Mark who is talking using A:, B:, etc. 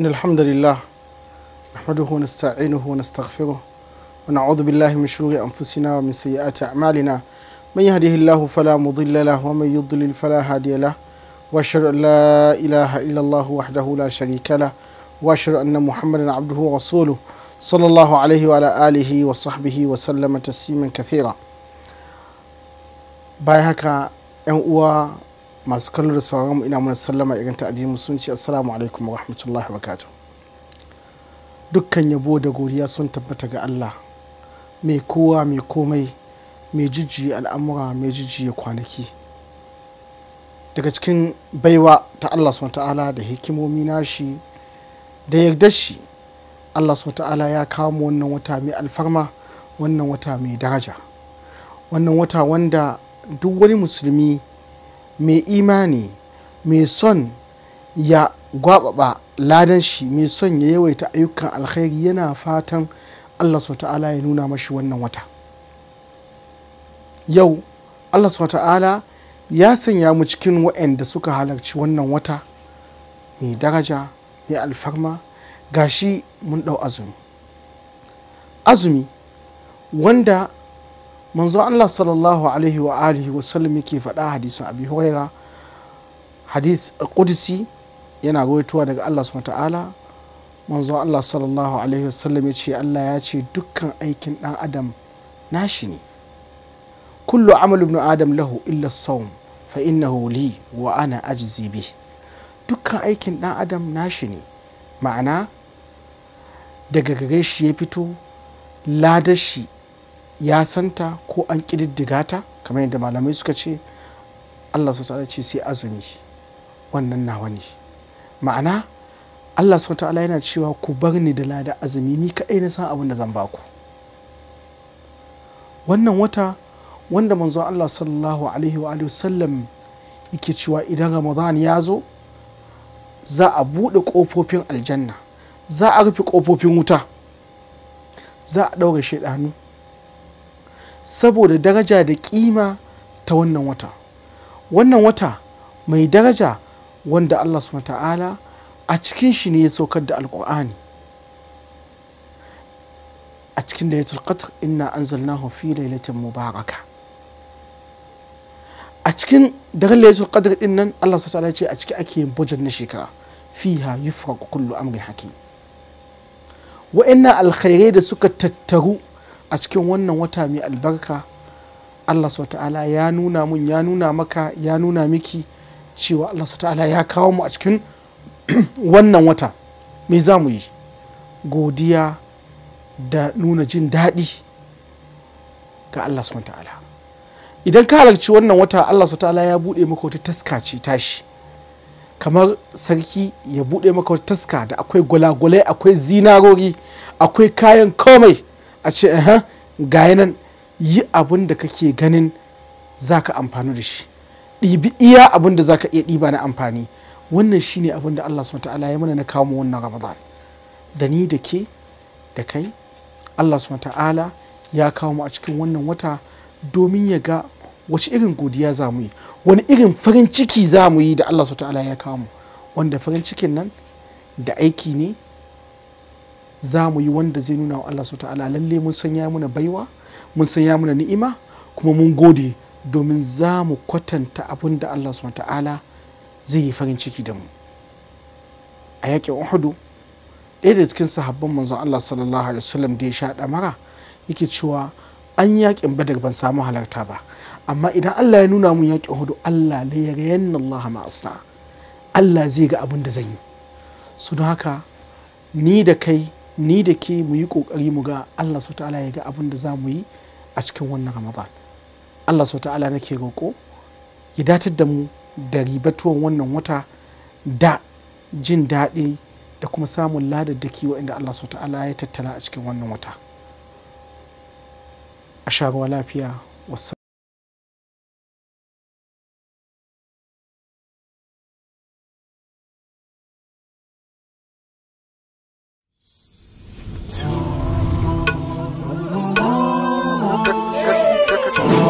A: إن الحمد لله نحمده ونستعينه ونستغفره ونعوذ بالله من شرور أنفسنا ومن سيئات أعمالنا من يهده الله فلا مضل له ومن يضلل فلا هادي له وأشهد أن لا إله إلا الله وحده لا شريك له وأشهد أن محمدا عبده ورسوله صلى الله عليه وعلى آله وصحبه وسلم تسليما كثيرا باي هكا 'yan uwa masu kallo da sauran mu ina mana sallama irin ta addinin ce assalamu alaikum wa rahmatullahi wa dukkan yabo da godiya sun tabbata ga Allah mai kowa mai komai mai jijjiye al'amura mai jijjiye kwanaki daga cikin baiwa ta Allah subhanahu ta'ala da hikimomi nashi da yarda shi Allah subhanahu ta'ala ya kawo mu wannan wata mai alfarma wannan wata mai daraja wannan wata wanda duk wani musulmi mai imani mai son ya gwababa ladan shi mai son ya yawaita ayyukan alkhairi yana fatan allah ta'ala ya nuna mashi wannan wata yau allah ta'ala ya sanya mu cikin waɗanda suka halarci wannan wata mai daraja mai alfarma ga shi mun ɗau azumi azumi wanda manzo Allah sallallahu alaihi wa alihi wa sallam yake faɗa hadisin abi huraira hadis qudsi yana rawaituwa daga Allah subhanahu ta'ala manzo Allah sallallahu alaihi wa sallam ya ce Allah ya ce dukkan aikin dan adam nashi ne kullu amal ibn adam lahu illa sawm fa innahu li wa ana ajzi bi dukkan aikin dan adam nashi ne ma'ana daga gare shi ya fito ladar shi ya santa ko an ƙididdiga ta kamar yadda malamai suka ce allah su ta'ala ce sai azumi wannan nawa ne ma'ana allah su ta'ala yana cewa ku bar ni da lada azumi ni kaɗai na san abin da zan ba ku wannan wata wanda manzo allah sallallahu alaihi wa sallam yake cewa idan ramadan ya zo za a buɗe ƙofofin aljanna za a rufe ƙofofin wuta za a ɗaura shaidanu saboda daraja da kima ta wannan wata wannan wata mai daraja wanda allah subhanahu ta'ala a cikin shi ne ya saukar da alkur'ani a cikin da ya tulqatar inna anzalnahu fi lailatin mubaraka a cikin daren lailatul qadr din nan allah subhanahu ta'ala ya ce a ciki ake yin bujan na shekara fiha yufraqu kullu amrin hakim wa'annan alkhairai da suka tattaru a cikin wannan wata mai albarka allah ta'ala ya nuna mun ya nuna maka ya nuna miki cewa allah ta'ala ya kawo mu a cikin wannan wata mai za mu yi godiya da nuna jin daɗi ga allah ta'ala idan ka halarci wannan wata allah ta'ala ya buɗe maka wata taska ce tashi kamar sarki ya buɗe maka wata taska da akwai gwalagwalai akwai zinarori akwai kayan komai a ce aha gaya nan yi abin da kake ganin za ka amfani da shi ɗibi iya abin da za ka iya ɗiba na amfani wannan shi ne abin da Allah subhanahu ta'ala ya mana na kawo wannan Ramadan da ni da ke da kai Allah subhanahu ta'ala ya kawo mu a cikin wannan wata domin ya ga wace irin godiya za mu yi wani irin farin ciki za mu yi da Allah subhanahu ta'ala ya kawo mu wanda farin cikin nan da aiki ne za mu yi wanda zai nuna wa Allah su ta'ala lalle mun san ya muna baiwa mun san ya muna ni'ima kuma mun gode domin za mu kwatanta abin da Allah su ta'ala zai yi farin ciki da mu a yakin hudu, ɗaya da cikin sahabban manzo Allah sallallahu alaihi wasallam da ya sha ɗamara yake cewa an yaƙin badar ban samu halarta ba amma idan Allah ya nuna mun yakin uhudu Allah la yarayanna Allah ma asna Allah zai ga abin da zan yi su don haka ni da kai ni da ke mu yi kokari mu ga Allah su ta'ala ya ga abin da za mu yi a cikin wannan ramadan Allah su ta'ala na ke roƙo ya datar da mu da ribatuwan wannan wata da jin daɗi da kuma samun ladaddaki inda Allah su ta'ala ya tattala a cikin wannan wata a sha lafiya wasu Two. Two.